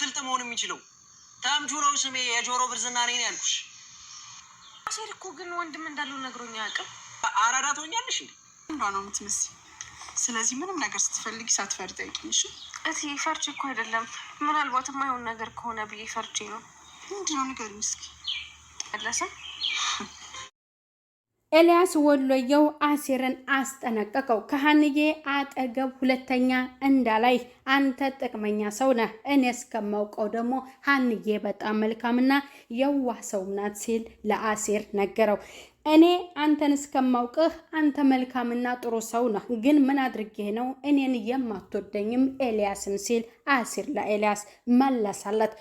ስልጥ መሆን የሚችለው ተምቹ ነው ስሜ። የጆሮ ብርዝና ነኝ ያልኩሽ። አሴር እኮ ግን ወንድም እንዳለው ነግሮኛ አቅም አራዳ ትሆኛለሽ እንዷ ነው ምትመስ። ስለዚህ ምንም ነገር ስትፈልጊ ሳትፈሪ ጠይቂኝ። እሺ እቴ፣ ፈርቼ እኮ አይደለም ምናልባት የማይሆን ነገር ከሆነ ብዬ ፈርቼ ነው። ምንድነው ንገሪኝ እስኪ። መለሰ ኤልያስ ወሎየው አሲርን አስጠነቀቀው። ከሀንዬ አጠገብ ሁለተኛ እንዳላይ፣ አንተ ጥቅመኛ ሰው ነህ፣ እኔ እስከማውቀው ደግሞ ሀንዬ በጣም መልካምና የዋህ ሰው ናት ሲል ለአሲር ነገረው። እኔ አንተን እስከማውቅህ አንተ መልካምና ጥሩ ሰው ነህ፣ ግን ምን አድርጌ ነው እኔን የማትወደኝም ኤልያስን ሲል አሲር ለኤልያስ መለሳለት።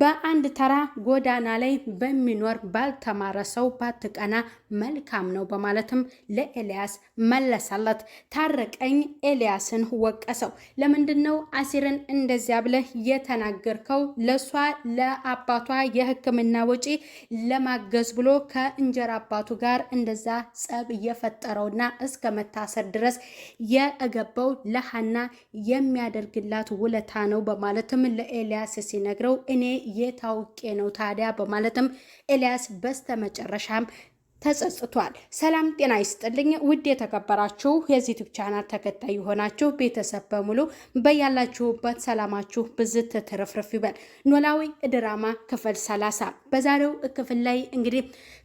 በአንድ ተራ ጎዳና ላይ በሚኖር ባልተማረ ሰው ባትቀና መልካም ነው በማለትም ለኤልያስ መለሰለት። ታረቀኝ ኤልያስን ወቀሰው። ለምንድን ነው አሲርን እንደዚያ ብለህ የተናገርከው? ለእሷ ለአባቷ የሕክምና ወጪ ለማገዝ ብሎ ከእንጀራ አባቱ ጋር እንደዛ ጸብ የፈጠረውና እስከ መታሰር ድረስ የገባው ለሀና የሚያደርግላት ውለታ ነው በማለትም ለኤልያስ ሲነግረው እኔ የታውቄ ነው ታዲያ በማለትም ኤልያስ በስተመጨረሻም ተጸጽቷል። ሰላም ጤና ይስጥልኝ። ውድ የተከበራችሁ የዚህ ዩቲዩብ ቻናል ተከታይ የሆናችሁ ቤተሰብ በሙሉ በያላችሁበት ሰላማችሁ ብዝት ትርፍርፍ ይበል። ኖላዊ ድራማ ክፍል ሰላሳ በዛሬው ክፍል ላይ እንግዲህ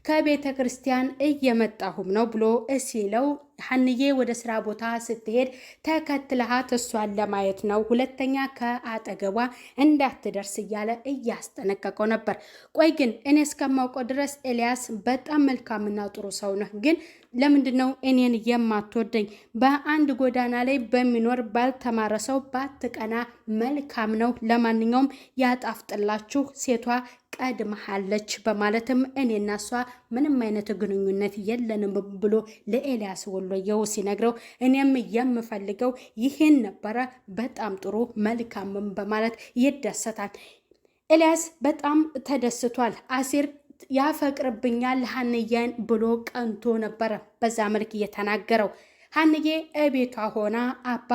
ከቤተ ክርስቲያን እየመጣሁም ነው ብሎ ሲለው ሀንዬ ወደ ስራ ቦታ ስትሄድ ተከትለሃት እሷን ለማየት ነው፣ ሁለተኛ ከአጠገቧ እንዳትደርስ እያለ እያስጠነቀቀው ነበር። ቆይ ግን እኔ እስከማውቀው ድረስ ኤልያስ በጣም መልካምና ጥሩ ሰው ነህ ግን ለምንድን ነው እኔን የማትወደኝ? በአንድ ጎዳና ላይ በሚኖር ባልተማረ ሰው ባትቀና መልካም ነው። ለማንኛውም ያጣፍጥላችሁ፣ ሴቷ ቀድመሃለች በማለትም እኔና እሷ ምንም አይነት ግንኙነት የለንም ብሎ ለኤልያስ ወሎየው ሲነግረው እኔም የምፈልገው ይህን ነበረ፣ በጣም ጥሩ መልካምም በማለት ይደሰታል። ኤልያስ በጣም ተደስቷል። አሲር ያፈቅርብኛል ሀንዬን ብሎ ቀንቶ ነበረ በዛ መልክ እየተናገረው። ሀንዬ እቤቷ ሆና አባ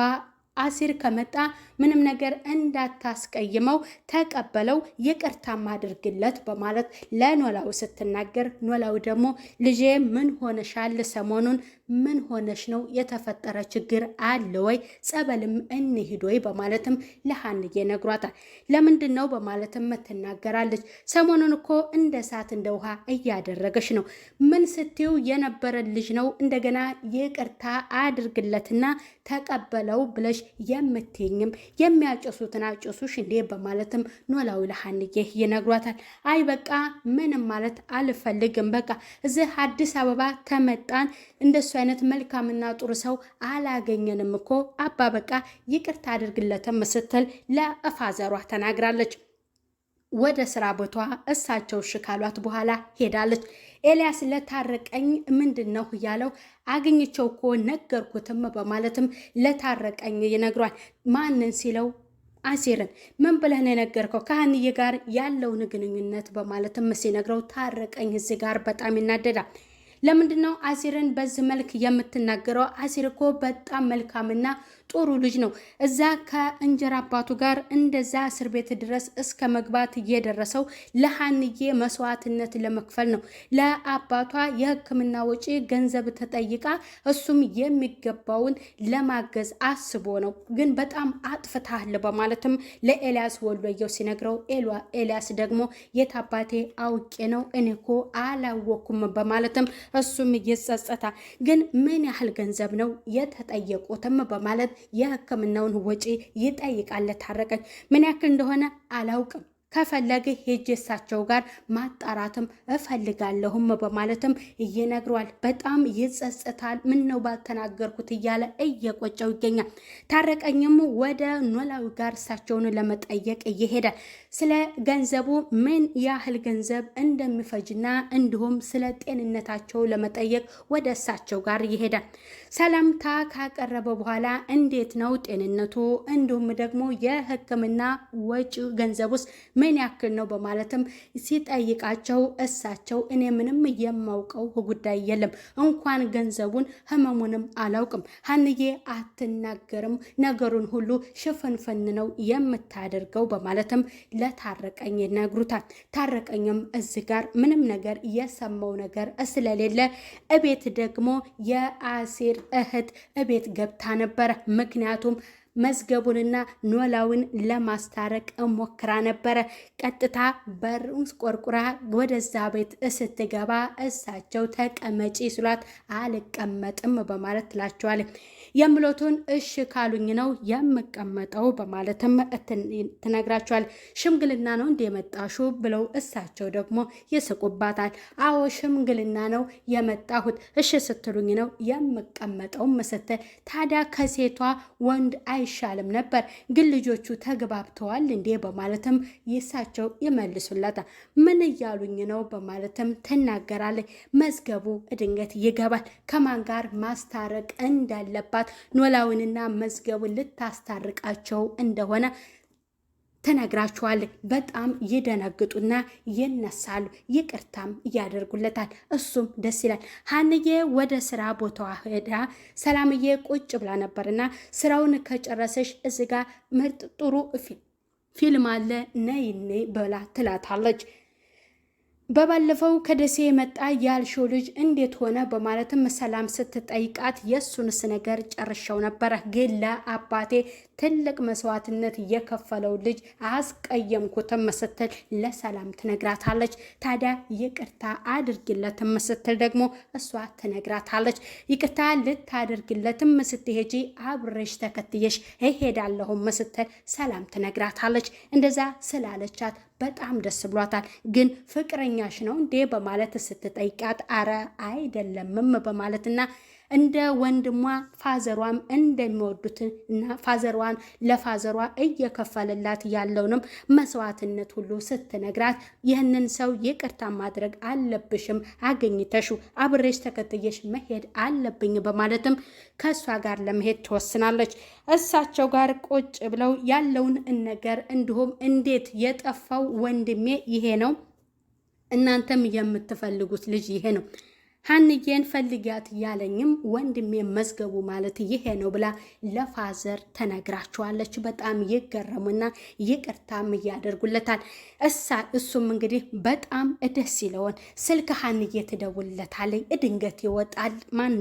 አሲር ከመጣ ምንም ነገር እንዳታስቀይመው ተቀበለው፣ ይቅርታም አድርግለት በማለት ለኖላው ስትናገር፣ ኖላው ደግሞ ልጄ ምን ሆነሻል? ሰሞኑን ምን ሆነሽ ነው? የተፈጠረ ችግር አለ ወይ? ጸበልም እንሂድ ወይ? በማለትም ለሀንዬ ነግሯታል። ለምንድን ነው በማለትም ትናገራለች። ሰሞኑን እኮ እንደ እሳት እንደ ውሃ እያደረገች ነው። ምን ስትው የነበረ ልጅ ነው። እንደገና ይቅርታ አድርግለትና ተቀበለው ብለሽ የምትኝም የሚያጨሱትን አጭሱሽ እንዴ በማለትም ኖላዊ ለሀንዬ ይነግሯታል። አይ በቃ ምንም ማለት አልፈልግም። በቃ እዚህ አዲስ አበባ ተመጣን እንደሱ አይነት መልካምና ጥሩ ሰው አላገኘንም እኮ አባ በቃ ይቅርታ አድርግለትም ስትል ለእፋዘሯ ተናግራለች። ወደ ስራ ቦቷ እሳቸው እሺ ካሏት በኋላ ሄዳለች። ኤልያስ ለታረቀኝ ምንድን ነው እያለው አግኝቸው እኮ ነገርኩትም በማለትም ለታረቀኝ ይነግሯል። ማንን ሲለው አሲርን ምን ብለህ ነው የነገርከው ከሀንዬ ጋር ያለውን ግንኙነት በማለትም ሲነግረው ታረቀኝ እዚህ ጋር በጣም ይናደዳል። ለምንድን ነው አሲርን በዚህ መልክ የምትናገረው? አሲር እኮ በጣም መልካምና ጥሩ ልጅ ነው። እዛ ከእንጀራ አባቱ ጋር እንደዛ እስር ቤት ድረስ እስከ መግባት እየደረሰው ለሀንዬ መስዋዕትነት ለመክፈል ነው። ለአባቷ የሕክምና ወጪ ገንዘብ ተጠይቃ እሱም የሚገባውን ለማገዝ አስቦ ነው። ግን በጣም አጥፍታል በማለትም ለኤልያስ ወሎየው ሲነግረው ኤልያስ ደግሞ የታባቴ አውቄ ነው እኔ ኮ አላወኩም በማለትም እሱም ይጸጸታል። ግን ምን ያህል ገንዘብ ነው የተጠየቁትም በማለት የህክምናውን ወጪ ይጠይቃል። ታረቀች ምን ያክል እንደሆነ አላውቅም ከፈለገ ሄጄ እሳቸው ጋር ማጣራትም እፈልጋለሁም በማለትም እየነግሯል። በጣም ይጸጽታል። ምን ነው ባልተናገርኩት እያለ እየቆጨው ይገኛል። ታረቀኝም ወደ ኖላዊ ጋር እሳቸውን ለመጠየቅ ይሄዳል። ስለ ገንዘቡ ምን ያህል ገንዘብ እንደሚፈጅና እንዲሁም ስለ ጤንነታቸው ለመጠየቅ ወደ እሳቸው ጋር ይሄዳል። ሰላምታ ካቀረበ በኋላ እንዴት ነው ጤንነቱ እንዲሁም ደግሞ የሕክምና ወጪ ገንዘብ ውስጥ ምን ያክል ነው በማለትም ሲጠይቃቸው እሳቸው እኔ ምንም የማውቀው ጉዳይ የለም እንኳን ገንዘቡን ህመሙንም አላውቅም። ሀንዬ አትናገርም፣ ነገሩን ሁሉ ሽፍንፍን ነው የምታደርገው በማለትም ለታረቀኝ ይነግሩታል። ታረቀኝም እዚህ ጋር ምንም ነገር የሰማው ነገር ስለሌለ እቤት ደግሞ የአሴር እህት እቤት ገብታ ነበረ ምክንያቱም መዝገቡንና ኖላውን ለማስታረቅ ሞክራ ነበረ። ቀጥታ በሩን ቆርቁራ ወደዛ ቤት ስትገባ እሳቸው ተቀመጪ ስሏት አልቀመጥም በማለት ትላቸዋል። የምሎቱን እሽ ካሉኝ ነው የምቀመጠው በማለትም ትነግራቸዋል። ሽምግልና ነው እንደ የመጣሹ ብለው እሳቸው ደግሞ ይስቁባታል። አዎ ሽምግልና ነው የመጣሁት እሽ ስትሉኝ ነው የምቀመጠውም ስትል ታዲያ ከሴቷ ወንድ አይ አይሻልም ነበር? ግን ልጆቹ ተግባብተዋል እንዴ? በማለትም ይሳቸው ይመልሱላታል። ምን እያሉኝ ነው? በማለትም ትናገራለች። መዝገቡ ድንገት ይገባል። ከማን ጋር ማስታረቅ እንዳለባት ኖላዊንና መዝገቡን ልታስታርቃቸው እንደሆነ ትነግራችኋል። በጣም ይደነግጡና ይነሳሉ። ይቅርታም እያደርጉለታል። እሱም ደስ ይላል። ሀንዬ ወደ ስራ ቦታዋ ሄዳ ሰላምዬ ቁጭ ብላ ነበርና ስራውን ከጨረሰሽ እዚጋ ምርጥ ጥሩ ፊልም አለ ነይኔ በላ ትላታለች። በባለፈው ከደሴ የመጣ ያልሺው ልጅ እንዴት ሆነ በማለትም ሰላም ስትጠይቃት የእሱንስ ነገር ጨርሻው ነበረ፣ ግን ለአባቴ ትልቅ መስዋዕትነት የከፈለው ልጅ አስቀየምኩትም ስትል ለሰላም ትነግራታለች። ታዲያ ይቅርታ አድርግለትም ስትል ደግሞ እሷ ትነግራታለች። ይቅርታ ልታደርግለትም ስትሄጂ አብሬሽ ተከትየሽ እሄዳለሁም ስትል ሰላም ትነግራታለች። እንደዛ ስላለቻት በጣም ደስ ብሏታል። ግን ፍቅረኛ ጓደኛሽ ነው እንዴ በማለት ስትጠይቃት አረ አይደለምም በማለትና እንደ ወንድሟ ፋዘሯም እንደሚወዱት እና ፋዘሯን ለፋዘሯ እየከፈለላት ያለውንም መስዋዕትነት ሁሉ ስትነግራት ይህንን ሰው ይቅርታ ማድረግ አለብሽም፣ አገኝተሹ አብሬሽ ተከትየሽ መሄድ አለብኝ በማለትም ከእሷ ጋር ለመሄድ ትወስናለች። እሳቸው ጋር ቁጭ ብለው ያለውን ነገር እንዲሁም እንዴት የጠፋው ወንድሜ ይሄ ነው እናንተም የምትፈልጉት ልጅ ይሄ ነው። ሀንዬን ፈልጊያት ያለኝም ወንድሜ መዝገቡ ማለት ይሄ ነው ብላ ለፋዘር ተነግራቸዋለች። በጣም ይገረሙና ይቅርታም እያደርጉለታል። እሳ እሱም እንግዲህ በጣም ደስ ይለውን ስልክ ሀንዬ ትደውልለታለች። እድንገት ይወጣል። ማን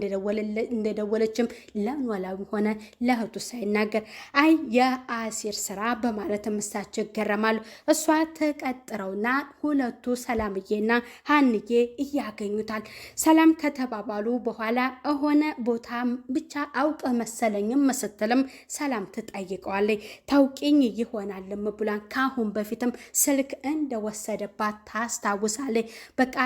እንደደወለችም ለኖላዊ ሆነ ለእህቱ ሳይናገር አይ የአሲር ስራ በማለት እሳቸው ይገረማሉ። እሷ ተቀጥረውና ሁለቱ ሰላምዬና ሀንዬ እያገኙታል። ሰላም ከተባባሉ በኋላ ሆነ ቦታም ብቻ አውቀ መሰለኝም ስትልም ሰላም ትጠይቀዋለች። ታውቂኝ ይሆናልም ብላን ካሁን በፊትም ስልክ እንደወሰደባት ታስታውሳለች። በቃ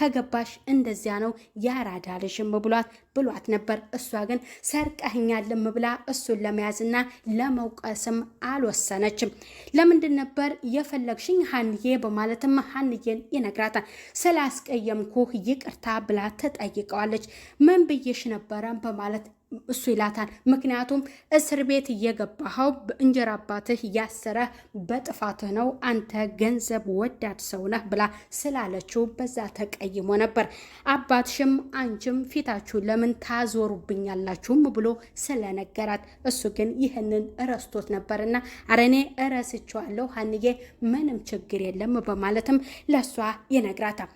ከገባሽ እንደዚያ ነው ያራዳልሽም ብሏት ብሏት ነበር። እሷ ግን ሰርቀህኛልም ብላ እሱን ለመያዝና ለመውቀስም አልወሰነችም። ለምንድን ነበር የፈለግሽኝ ሀንዬ? በማለትም ሀንዬን ይነግራታል። ስላስቀየምኩህ ይቅርታ ብላ ትጠይቀዋለች። ምን ብዬሽ ነበረ በማለት እሱ ይላታል። ምክንያቱም እስር ቤት እየገባኸው በእንጀራ አባትህ ያሰረህ በጥፋትህ ነው፣ አንተ ገንዘብ ወዳድ ሰው ነህ ብላ ስላለችው በዛ ተቀይሞ ነበር። አባትሽም አንቺም ፊታችሁ ለምን ታዞሩብኛላችሁም ብሎ ስለነገራት እሱ ግን ይህንን እረስቶት ነበርና አረኔ እረስቸዋለሁ ሀንዬ፣ ምንም ችግር የለም በማለትም ለእሷ ይነግራታል።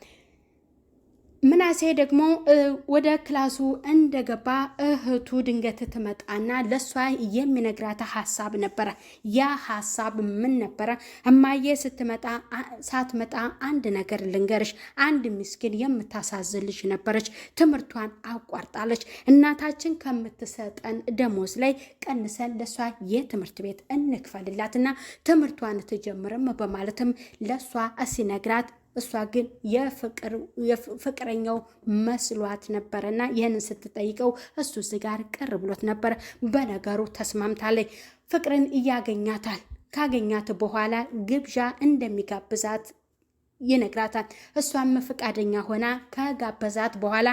ምናሴ ደግሞ ወደ ክላሱ እንደገባ እህቱ ድንገት ትመጣና ለእሷ የሚነግራት ሀሳብ ነበረ። ያ ሀሳብ ምን ነበረ? እማዬ ስትመጣ ሳትመጣ አንድ ነገር ልንገርሽ፣ አንድ ምስኪን የምታሳዝን ልጅ ነበረች። ትምህርቷን አቋርጣለች። እናታችን ከምትሰጠን ደሞዝ ላይ ቀንሰን ለእሷ የትምህርት ቤት እንክፈልላትና ትምህርቷን ትጀምርም በማለትም ለእሷ ሲነግራት እሷ ግን የፍቅረኛው መስሏት ነበረና እና ይህንን ስትጠይቀው እሱ ጋር ቅር ብሎት ነበረ። በነገሩ ተስማምታለች። ፍቅርን እያገኛታል። ካገኛት በኋላ ግብዣ እንደሚጋብዛት ይነግራታል። እሷም ፈቃደኛ ሆና ከጋበዛት በኋላ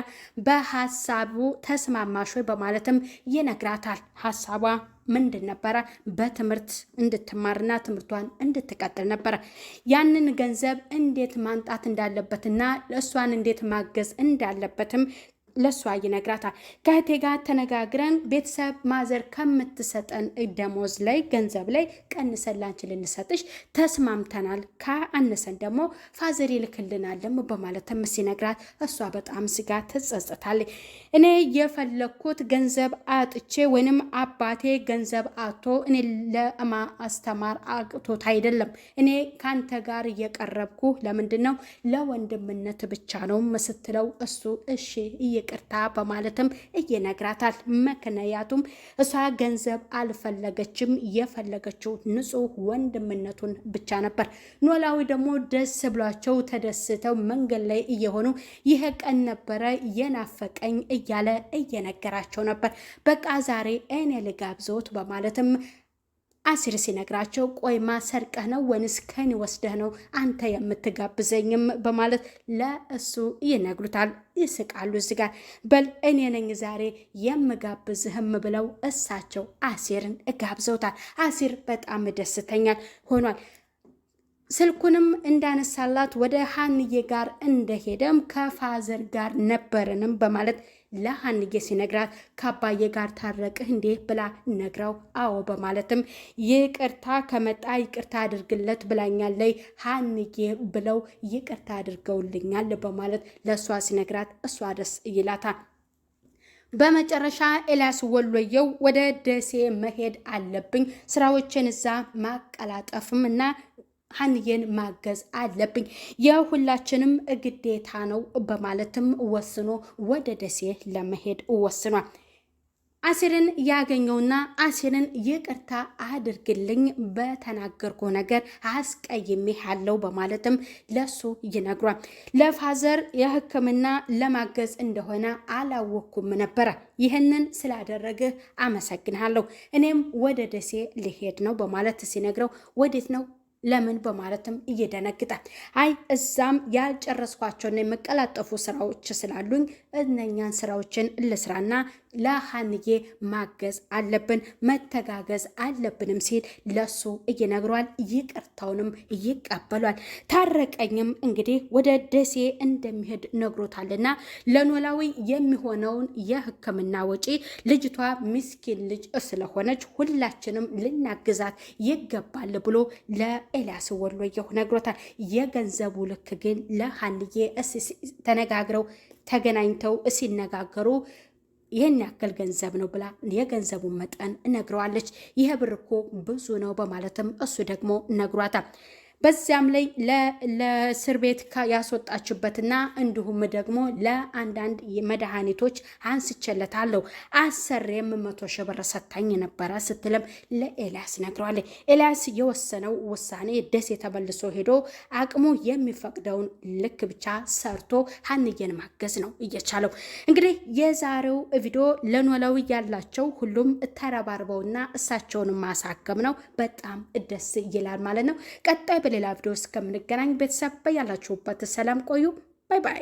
በሀሳቡ ተስማማሽ በማለትም ይነግራታል ሀሳቧ ምንድን ነበረ? በትምህርት እንድትማርና ትምህርቷን እንድትቀጥል ነበረ። ያንን ገንዘብ እንዴት ማንጣት እንዳለበትና እሷን እንዴት ማገዝ እንዳለበትም ለሷ ይነግራታል። ከእህቴ ጋር ተነጋግረን ቤተሰብ ማዘር ከምትሰጠን ደሞዝ ላይ ገንዘብ ላይ ቀንሰን ላንቺ ልንሰጥሽ ተስማምተናል፣ ከአነሰን ደግሞ ፋዘር ይልክልናልም በማለት ሲነግራት እሷ በጣም ስጋ ትጸጸታለች። እኔ የፈለግኩት ገንዘብ አጥቼ ወይንም አባቴ ገንዘብ አቶ እኔ አስተማር አቅቶት አይደለም። እኔ ከአንተ ጋር እየቀረብኩ ለምንድን ነው ለወንድምነት ብቻ ነው ምስትለው እሱ እሺ እየ ይቅርታ በማለትም እየነግራታል። ምክንያቱም እሷ ገንዘብ አልፈለገችም፣ የፈለገችው ንጹህ ወንድምነቱን ብቻ ነበር። ኖላዊ ደግሞ ደስ ብሏቸው ተደስተው መንገድ ላይ እየሆኑ ይህ ቀን ነበረ የናፈቀኝ እያለ እየነገራቸው ነበር። በቃ ዛሬ እኔ ልጋብዞት በማለትም አሲር ሲነግራቸው ቆይማ ሰርቀህ ነው ወንስ ከኔ ወስደህ ነው አንተ የምትጋብዘኝም በማለት ለእሱ ይነግሩታል። ይስቃሉ። እዚህ ጋር በል እኔ ነኝ ዛሬ የምጋብዝህም ብለው እሳቸው አሲርን እጋብዘውታል። አሲር በጣም ደስተኛል ሆኗል። ስልኩንም እንዳነሳላት ወደ ሀንዬ ጋር እንደሄደም ከፋዘር ጋር ነበርንም በማለት ለሀንዬ ሲነግራት ከአባዬ ጋር ታረቅህ እንዴ ብላ ነግራው፣ አዎ በማለትም ይቅርታ ከመጣ ይቅርታ አድርግለት ብላኛለይ ሀንዬ ብለው ይቅርታ አድርገውልኛል በማለት ለእሷ ሲነግራት እሷ ደስ ይላታል። በመጨረሻ ኤልያስ ወሎየው ወደ ደሴ መሄድ አለብኝ ስራዎችን እዛ ማቀላጠፍም እና ሀንዬን ማገዝ አለብኝ የሁላችንም ግዴታ ነው በማለትም ወስኖ ወደ ደሴ ለመሄድ ወስኗል። አሲርን ያገኘውና አሲርን ይቅርታ አድርግልኝ በተናገርኩ ነገር አስቀይሜህ አለው በማለትም ለሱ ይነግሯል። ለፋዘር የሕክምና ለማገዝ እንደሆነ አላወኩም ነበረ። ይህንን ስላደረግህ አመሰግንሃለሁ። እኔም ወደ ደሴ ልሄድ ነው በማለት ሲነግረው ወዴት ነው ለምን በማለትም እየደነግጣል። አይ እዛም ያልጨረስኳቸውና የመቀላጠፉ ስራዎች ስላሉኝ እነኛን ስራዎችን ልስራና ለሀንዬ ማገዝ አለብን፣ መተጋገዝ አለብንም ሲል ለሱ እየነግሯል። ይቅርታውንም ይቀበሏል። ታረቀኝም እንግዲህ ወደ ደሴ እንደሚሄድ ነግሮታልና ለኖላዊ የሚሆነውን የሕክምና ወጪ ልጅቷ ምስኪን ልጅ ስለሆነች ሁላችንም ልናግዛት ይገባል ብሎ ለኤልያስ ወሎየሁ ነግሮታል። የገንዘቡ ልክ ግን ለሀንዬ ተነጋግረው ተገናኝተው ሲነጋገሩ ይህን ያክል ገንዘብ ነው ብላ የገንዘቡን መጠን ነግረዋለች። ይህ ብር እኮ ብዙ ነው በማለትም እሱ ደግሞ ነግሯታል። በዚያም ላይ ለእስር ቤት ያስወጣችበትና እንዲሁም ደግሞ ለአንዳንድ መድኃኒቶች አንስቼለታለሁ አሰር የምመቶ ሺህ ብር ሰታኝ ነበረ ስትልም ለኤልያስ ነግረዋለች። ኤልያስ የወሰነው ውሳኔ ደሴ ተመልሶ ሄዶ አቅሙ የሚፈቅደውን ልክ ብቻ ሰርቶ ሀንየን ማገዝ ነው እየቻለው። እንግዲህ የዛሬው ቪዲዮ ለኖላዊ ያላቸው ሁሉም ተረባርበውና እሳቸውን ማሳከም ነው። በጣም ደስ ይላል ማለት ነው ቀጣይ በሌላ ቪዲዮ እስከምንገናኝ ቤተሰብ በያላችሁበት ሰላም ቆዩ። ባይ ባይ።